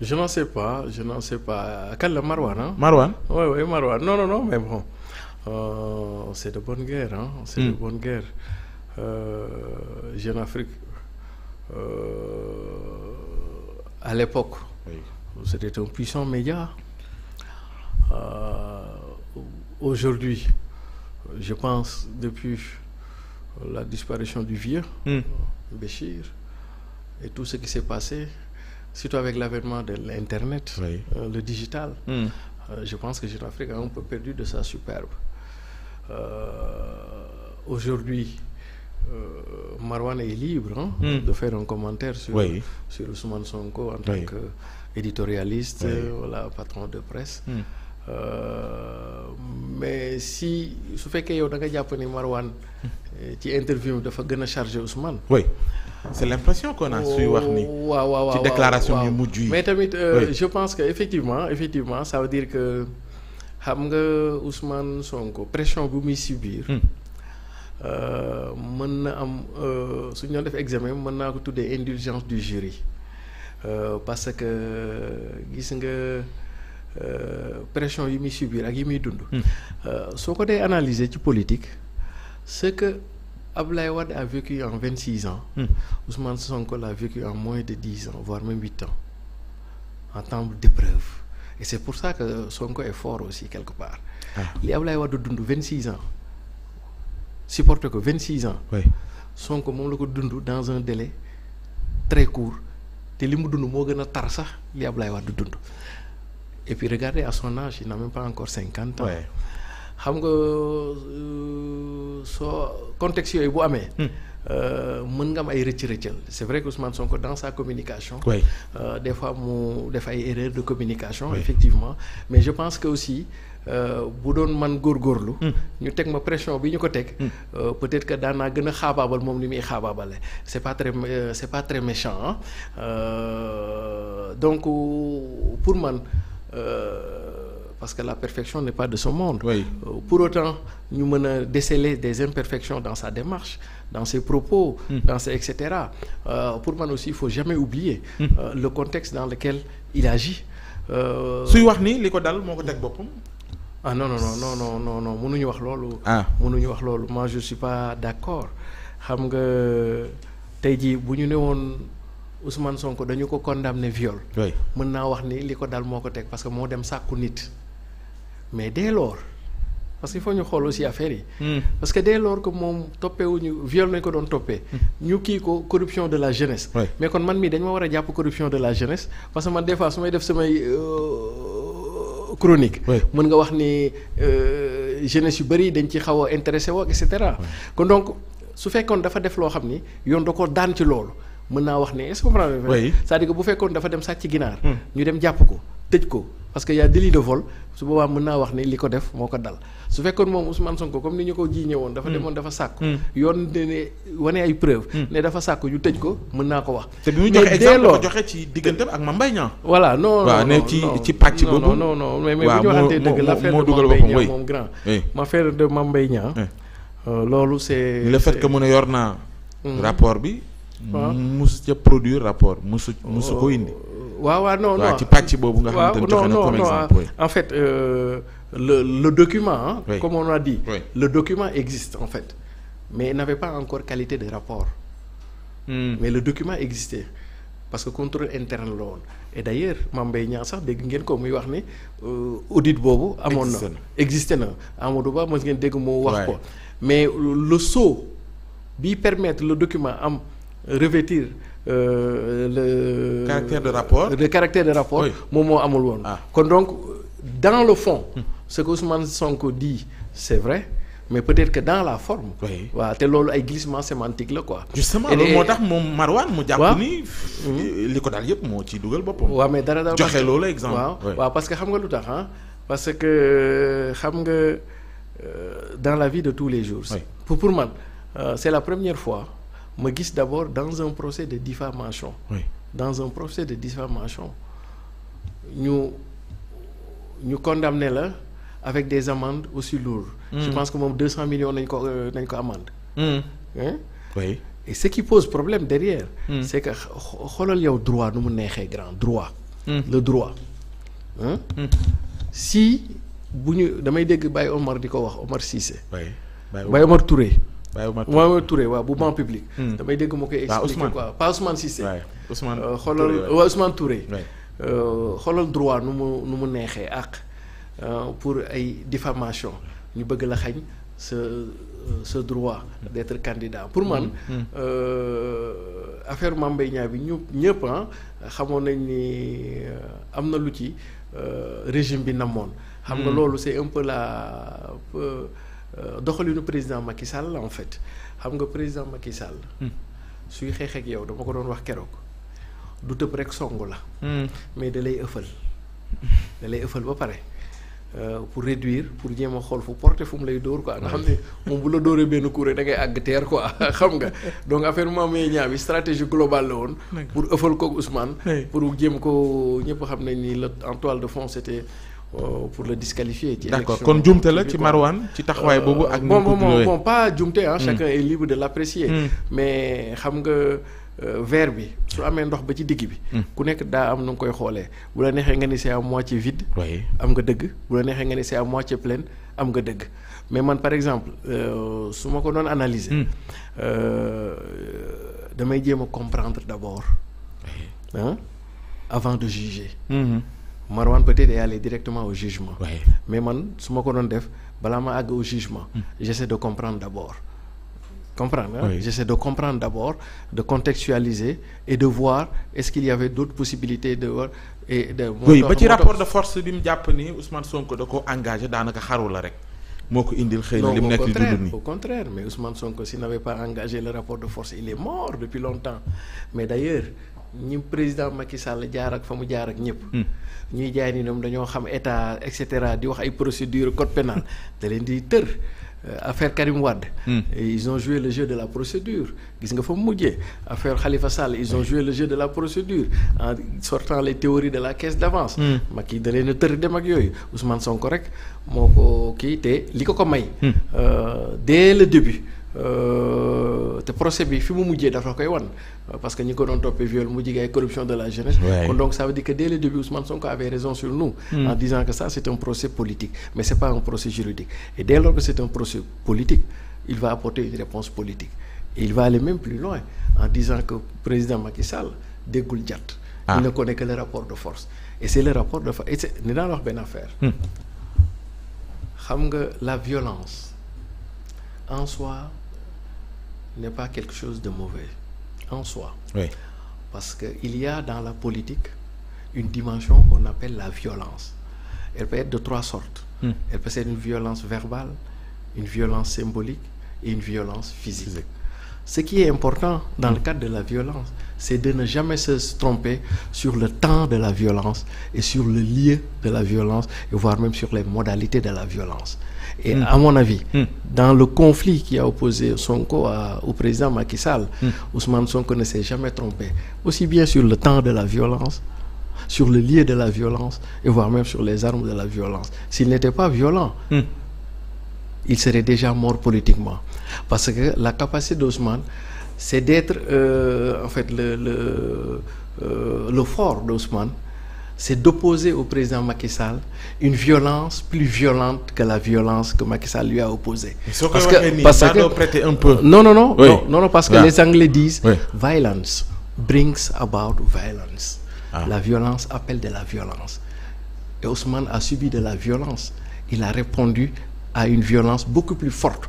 je n'en sais pas je n'en sais pas kan la Marwan ah. Marwan oui oui Marwan non non non mais bon euh, c'est de bonne guerre c'est de mm. bonne guerre euh, Jeune Afrique euh, à l'époque c'était un puissant média euh, aujourd'hui je pense depuis la disparition du vieux mm. Béchir et tout ce qui s'est passé surtout avec l'avènement de l'internet oui. euh, le digital hmm. euh, je pense que Jeune Afrique a un peu perdu de sa superbe euh, aujourd'hui euh, Marwan est libre hmm. de faire un commentaire sur oui. Sonko en tant que éditorialiste voilà patron de presse hmm. mais si su fekkee yow da nga jàpp ni Marwan eh, ci interview dafa gën a chargé Ousmane. oui c' est l' impression qu'on a suy wax ni waaw waaw ci déclaration yu mais tamit euh, je pense que effectivement effectivement ça veut dire que xam nga Ousmane Sonko pression bu muy subir hmm. euh, mën na am euh, suñu doon def examen mën naa ko tuddee indulgence du jury euh, parce que gis nga pression yi muy subir ak yi muy dund hmm. soo ko dee analyser ci politique c'est que Abdoulaye Wade a vécu en vingt six ans mm. Ousmane Sonko l'a vécu en moins de dix ans voire même huit ans en temps d'épreuve et c'est pour ça que Sonko est fort aussi quelque part ah. li Abdoulaye Wade dund vingt six ans supporte ko vingt six ans oui. Sonko moom la ko dund dans un délai très court te li mu dund moo gën a tar sax li Abdoulaye Wade dund et puis regardez à son âge il n'a même pas encore cinquante ans xam nga euh, soo contexte yooyu bu amee. Hmm. Euh, mën nga am ay rëcc rëccal c'est vrai que Ousmane Sonko dans sa communication. Oui. Euh, des fois mu def ay erreurs de communication. effectivement mais je pense que aussi bu doon man góor góorlu hmm. ñu teg ma pression bi ñu ko teg. Hmm. peut-être que daan naa gën a xaabaabal moom li muy xaabaabale c'est pas très euh, c'est pas très donc pour man. parce que la perfection n'est pas de ce monde. Euh, pour autant ñu mën a déceler des imperfections dans sa démarche dans ses propos. Mm. dans cetera euh, pour man aussi il faut jamais oublier. Mm. Euh, le contexte dans lequel il agit. Euh, suy wax ni li ko dal moo ko teg boppam. ah non non non non non non non mënuñu wax loolu. ah wax loolu moi je suis pas d'accord xam nga tey jii bu ñu ne woon. Ousmane Sonko dañu ko condamné viol. mën naa wax ni li ko dal moo ko teg parce que moo dem sàkku nit. mais dès lors parce que il faut ñu xool aussi affaire yi. Hmm. parce que dès lors que moom toppeewuñu viol nañ ko doon toppee. Hmm. ñu kii ko corruption de la jeunesse. mais kon man mii dañ ma war a jàpp corruption de la jeunesse parce que man des fois su may def samay euh, chronique. mën nga wax ni euh, jeunesse yu bëri dañ ci xaw intéressé woo et cetera. kon donc su fekkoon dafa def loo xam ni yoon da ko daan ci loolu mën naa wax ne est-ce que. bu fekkoon dafa dem sàcc ginaar. Hmm. ñu dem jàpp ko tëj ko. parce que y' a délit de vol su boobaa mën naa wax ni li ko def moo ko dal su fekkoon moom Ousmane ko comme ni ñu ko jiiñee woon. dafa mm. demoon dafa sàkku. Mm. yoon ne ne wane ay preuve mm. ne dafa sàkku ñu tëj ko mën naa ko wax. te bi mu joxee exemple ko joxe ci digganteem ak Mame Mbaye Niang. voilà non non non ci ci pàcc boobu. non non non mais mais bu de ma mbay ñaa euh, loolu c' est. le fait que mu ne yor naa. rapport bi. waaw ah. mosu ca produire rapport mosu mosu ko euh, indi. waaw waaw non non ci pàcc boobu nga xamante ne joxe na comme exemple en fait euh, le le document hein, oui. comme on a dit oui. le document existe en fait mais il n'avait pas encore qualité de rapport mm. mais le document existait parce que contrôle interne la woon et d'ailleurs Mame Mbaye Niang sax dégg ngeen ko muy wax ni euh, audit boobu amoon na existé na Amadou Ba mos ngeen dégg moo wax ko mais le sceau bi permettre le document am revêtir Euh, le. caractère de rapport le caractère de rapport. moom moo amul woon. Ah. kon donc dans le fond. ce que Ousmane Sonko dit c'est vrai. mais peut-être que dans la forme. waaw te loolu ay glissement sémantique la quoi. justement loolu moo tax moom Marwan mu jàpp ni. li ko daal yëpp moo ci dugal boppam. waaw mais dara dara joxe loolu exemple. waaw parce que xam nga lu tax ah. parce que euh, xam nga euh, dans la vie de tous les jours. pour pour man c'est la première fois. ma gis d'abord dans un procès de diffamation dans un procès de diffamation ñu ñu condamné la avec des amendes aussi lourdes mm. je pense que moom deux cent millions nañ ko euh, nañ ko amende mm. oui et ce qui pose problème derrière mmh. c'est que xoolal yow droit nu mu neexee grand droit mm. le droit hein? si bu ñu damay dégg Baye Omar di ko wax Omar Cissé Omar Touré Maimouna Touré waaw bu banc hmm. public. Hmm. damay dégg ma koy expliquer quoi pas Ousmane Cissé. waay euh, Ousmane Touré euh, droit nu mu nu mu neexee ak euh, pour ay diffamation ñu bëgg la xañ sa sa droit d'être candidat pour man hmm. affaire Mame bi ñu ñëpp xamoon nañ ni am na lu ci régime bi namoon. xam nga loolu c'est un peu Euh, doxalinu président Macky Sall en fait xam nga président Macky Sall. Hmm. suy xeex ak yow dama ko doon wax keroog du tëb rek songu la. Hmm. mais dalay lay ëffal. da ëffal ba pare euh, pour réduire pour jéem a xool fu porté fu mu lay dóor quoi nga xam ne moom bu la dóoree benn kuréel da ngay àgg teer quoi xam nga donc affaire mu amee ñaar stratégie globale la woon. pour ëffal koog Ousmane. pour jéem ko ñëpp xam ne nii la en toile de fond c'était Euh, pour le disqualifier. ci d'accord kon jumte la ci Marwan ci taxawaay boobu ak. Euh, bon bon bon pas jumte ah. chacun est libre de l'apprécier. Hmm. mais xam nga euh, verre bi su amee ndox ba ci digg bi. Hmm. ku nekk daa am nu nga koy xoolee bu la neexee nga ni c'est à moitié vide. am nga dëgg bu la neexee nga ni c'est à moitié pleine am nga dëgg mais man par exemple su ma ko doon analyser. damay jéem a comprendre d'abord. ah avant de juger. Marwan peut-être est directement au jugement. mais man su ma ko doon def balaa ma àgg au jugement. Hmm. j'essaie de comprendre d'abord. comprendre oui. de comprendre d'abord de contextualiser et de voir est-ce qu'il y avait d'autres de voir et de. oui ba ci rapport de force bi mu jàpp ni Ousmane Sonko da ko engagé daanaka xaru rek. moo ko indil xëy na li mu nekk di dund nii au contraire mais Ousmane Sonko s'il n'avait pas engagé le rapport de force il est mort depuis ñi président Macky Sall jaar ak fa mu jaar ak ñëpp. Hmm. ñuy jaay ni ñoom dañoo xam état et cetera di wax ay procédure code pénal da leen di tër. Euh, affaire Karim Wade. Hmm. ils ont joué le jeu de la procédure gis nga fa mu mujjee affaire xalifa Sall ils ont hmm. joué le jeu de la procédure en sortant les théories de la caisse d'avance. Macky da leen a tër dem ak yooyu Ousmane Sonko rek moo ko kii te li ko ko may. Euh, dès le début. Euh, te procès bi fi mu mujjee dafa koy wan parce que ñi ko doon toppee viol mu jigéen corruption de la jeunesse. kon donc ça veut dire que dès le début Ousmane Sonko avait raison sur nous. Hmm. en disant que ça c'est un procès politique mais c'est pas un procès juridique dès lors que c'est un procès politique il va apporter une réponse politique il va aller même plus loin en disant que président Macky Sall déggul jàtt. Ah. il ne connaît le rapport de force et c'est le rapport de force et c'est hmm. nga la violence en soi. n'est pas quelque chose de mauvais en soi. Parce qu'il y a dans la politique une dimension qu'on appelle la violence. Elle peut être de trois sortes. Mm. Elle peut être une violence verbale, une violence symbolique et une violence physique. Ce qui est important dans mm. le hmm. cadre de la violence, c'est de ne jamais se tromper sur le temps de la violence et sur le lieu de la violence, et voire même sur les modalités de la violence. Et mmh. à mon avis, mm. dans le conflit qui a opposé Sonko à, au président Macky Sall, mmh. Ousmane Sonko ne s'est jamais trompé, aussi bien sur le temps de la violence, sur le lieu de la violence, et voire même sur les armes de la violence. S'il n'était pas violent, mm. il serait déjà mort politiquement. Parce que la capacité d'Ousmane, c'est d'être euh, en fait le, le, euh, le fort d'Ousmane, c'est d'opposer au président Macky Sall une violence plus violente que la violence que Macky Sall lui a opposée. parce que parce que un peu. non non parce que ah. les Anglais disent. Oui. violence brings about violence. Ah. la violence appelle de la violence et Ousmane a subi de la violence il a répondu à une violence beaucoup plus forte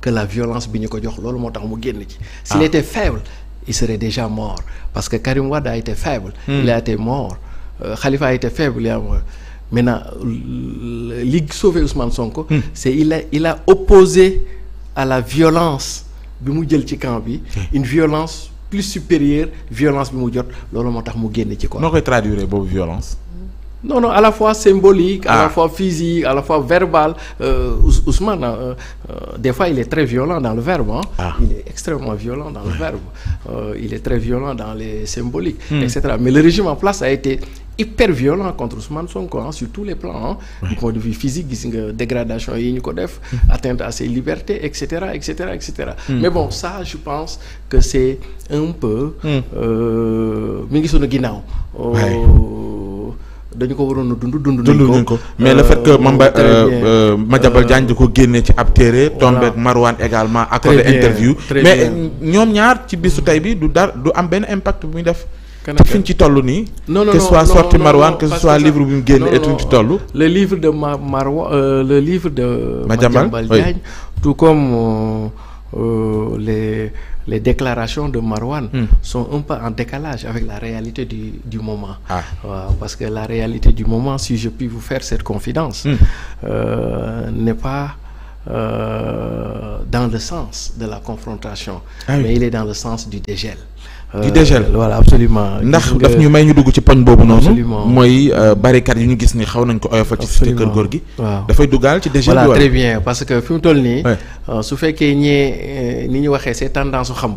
que la violence bi ñu ko jox loolu moo tax mu génn ci. s'il ah. était faible il serait déjà mort parce que Karim Wade a faible. Hmm. il a été mort. Euh, Khalifa a été faible yaa ma euh, maintenant euh, li sauvé Ousmane Sonko. Hmm. c'est il a il à la violence bi mu jël ci camp bi. Hmm. une violence plus supérieure violence bi mu jot loolu moo tax mu génn ci quoi. noo koy traduire boobu violence. non non à la fois symbolique. à ah. la fois physique à la fois verbal euh, Ousmane euh, euh, des fois il est très violent dans le verbe hein. ah. il est extrêmement violent dans le verbe euh, il est très violent dans les symboliques. Mm. etc mais le régime en place a été hyper violent contre Ousmane Sonko hein, sur tous les plans hein. du point de vue physique gis nga dégradation yi ñu ko def. Hmm. atteinte à ses libertés et cetera et cetera et cetera. Mm. mais bon ça je pense que c'est un peu. Hmm. Euh, mi ngi sunu ginnaaw. Euh, dañu ko waroon a dund dund nañ ko mais le fait que euh, Mamba euh, euh, Madiambal Diagne di ko génne ci ab téere tombé ak Marwan également accordé interview mais ñoom ñaar ci bisu tey bi du dar du am benn impact bu muy def te fi ci toll nii que ce soit sorti Marwan que ce soit livre bi mu génne et ci tollu le livre de Marwan le livre de Madiambal Diagne tout comme euh, les les déclarations de Marwan mm. sont un peu en décalage avec la réalité du, du moment. Ah. Euh, parce que la réalité du moment, si je puis vous faire cette confidence, mm. euh, n'est pas... Euh, dans le sens de la confrontation. Ah oui. mais il est dans le sens du dégel. du euh, dégel voilà ndax daf ñu may ñu dugg ci poñ boobu noonu. mooy euh, barricade yu ñu gis ni xaw nañ ko oyofa ci cité Kër Góor gi. waaw dafay duggaal ci dégel. voilà très bien parce que fi mu toll nii. Euh, su fekkee ñee ni ñu waxee c'est tendance su xam.